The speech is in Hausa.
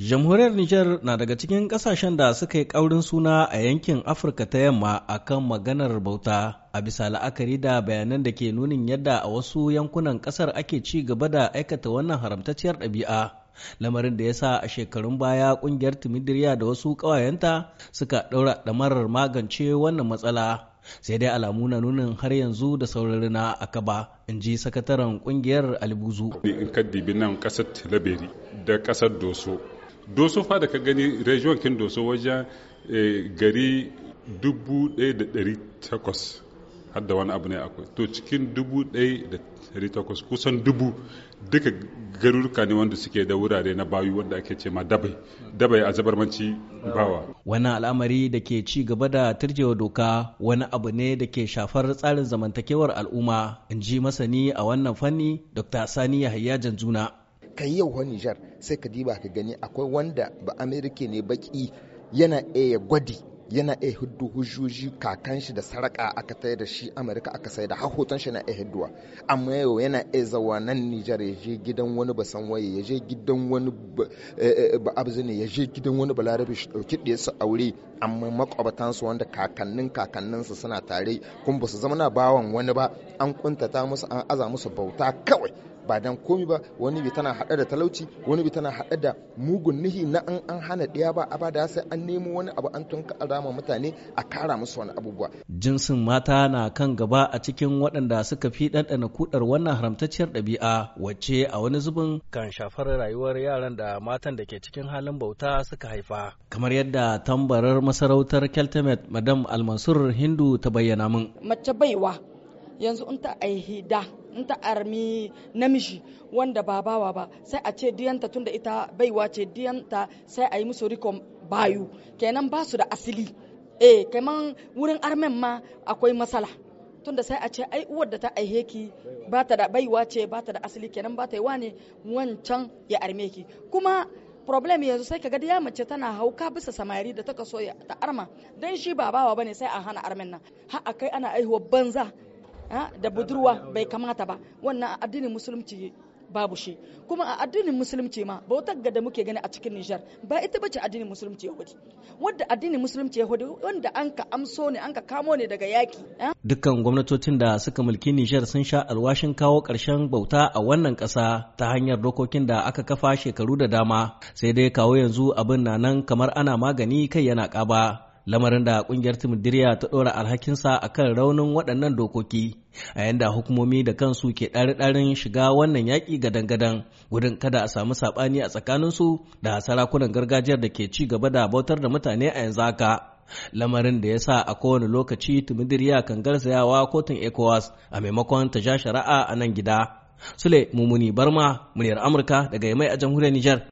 Jamhuriyar Nijar na daga cikin ƙasashen da suka yi ƙaurin suna a yankin Afirka ta yamma a kan maganar bauta a bisa la'akari da bayanan da ke nunin yadda a wasu yankunan ƙasar ake ci gaba da aikata wannan haramtacciyar ɗabi'a. Lamarin da ya sa a shekarun baya ƙungiyar Timidiriya da wasu ƙawayenta suka ɗaura ɗamarar magance wannan matsala. Sai dai alamu na nunin har yanzu da saurarina a kaba, in ji sakataren ƙungiyar Alibuzu. In ka dibi nan ƙasar Tilaberi da ƙasar Doso doso fa da ka gani region kin doso wajen eh, gari 1800 hadda da wani abu ne akwai to cikin 1800 kusan dubu duka garuruka ne wanda suke da wurare na bayu wanda ake ce ma dabai dabai a zabarmanci bawa wani al'amari da ke ci gaba da turjewa doka wani abu ne da ke shafar tsarin zamantakewar al'umma in ji masani a wannan fanni dr sani yahaya janjuna ka yi yau Nijar sai ka diba ka gani akwai wanda ba Amerika ne baki yana iya gwadi yana iya hudu hujjoji kakan shi da saraka aka tsaye da shi Amerika aka sai da har hoton shi na iya hidduwa amma yau yana iya zawa nan Nijar ya je gidan wani basan waye ya je gidan wani ba eh, eh, abu ya je gidan wani balarabe shi dauki da su aure amma su wanda kakannin kakanninsu suna tare kuma ba su zama na bawan wani ba an kuntata musu an aza musu bauta kawai ba dan komi ba wani bi tana hada da talauci wani bi tana hada da mugun nihi na an an hana ɗiya ba a bada sai an nemo wani abu an tunka alama mutane a kara musu wani abubuwa jinsin mata na kan gaba a cikin waɗanda suka fi ɗanɗana kudar wannan haramtacciyar ɗabi'a wacce a wani zubin kan shafar rayuwar yaran da matan da ke cikin halin bauta suka haifa kamar yadda tambarar masarautar keltemet madam almansur hindu ta bayyana min mace baiwa yanzu in ta aihi da in ta armi namiji wanda ba bawa ba sai a ce diyanta tunda ita baiwa ce diyanta sai a yi musu rikon bayu kenan ba su da asili e eh, kaman wurin armen ma akwai matsala tunda sai a ce ai uwar da ta aihe ki ba ta da baiwa ce ba ta da asili kenan ba ta yi wane wancan ya arme ki kuma problem yanzu sai kaga ya mace tana hauka bisa samari da ta kaso ta arma dan shi ba bawa bane sai a hana armen nan har akai ana aihuwa banza Ah, da budurwa bai kamata ba wannan addinin musulunci babu shi kuma a addinin musulunci ma bautar ga da muke gani a cikin Nijar ba ita bace addinin musulunci Yahudi wanda addinin musulunci Yahudi wanda an ka amso ne an ka kamo ne daga yaki ah. dukkan gwamnatocin da suka mulki Nijar sun sha alwashin kawo karshen bauta a wannan ƙasa ta hanyar dokokin da aka kafa shekaru da dama sai dai kawo yanzu abin na nan kamar ana magani kai yana kaba lamarin da kungiyar timidiriya ta ɗora alhakinsa a kan raunin waɗannan dokoki a yanda hukumomi da kansu ke ɗari-ɗarin shiga wannan yaƙi gadan-gadan gudun kada a samu saɓani a tsakaninsu da sarakunan gargajiyar da ke ci gaba da bautar da mutane a yanzu haka lamarin da ya sa a kowane lokaci timidiriya kan garzayawa kotun ecowas a maimakon ta sha shari'a a nan gida sule mumuni barma muryar amurka daga yamai a jamhuriyar nijar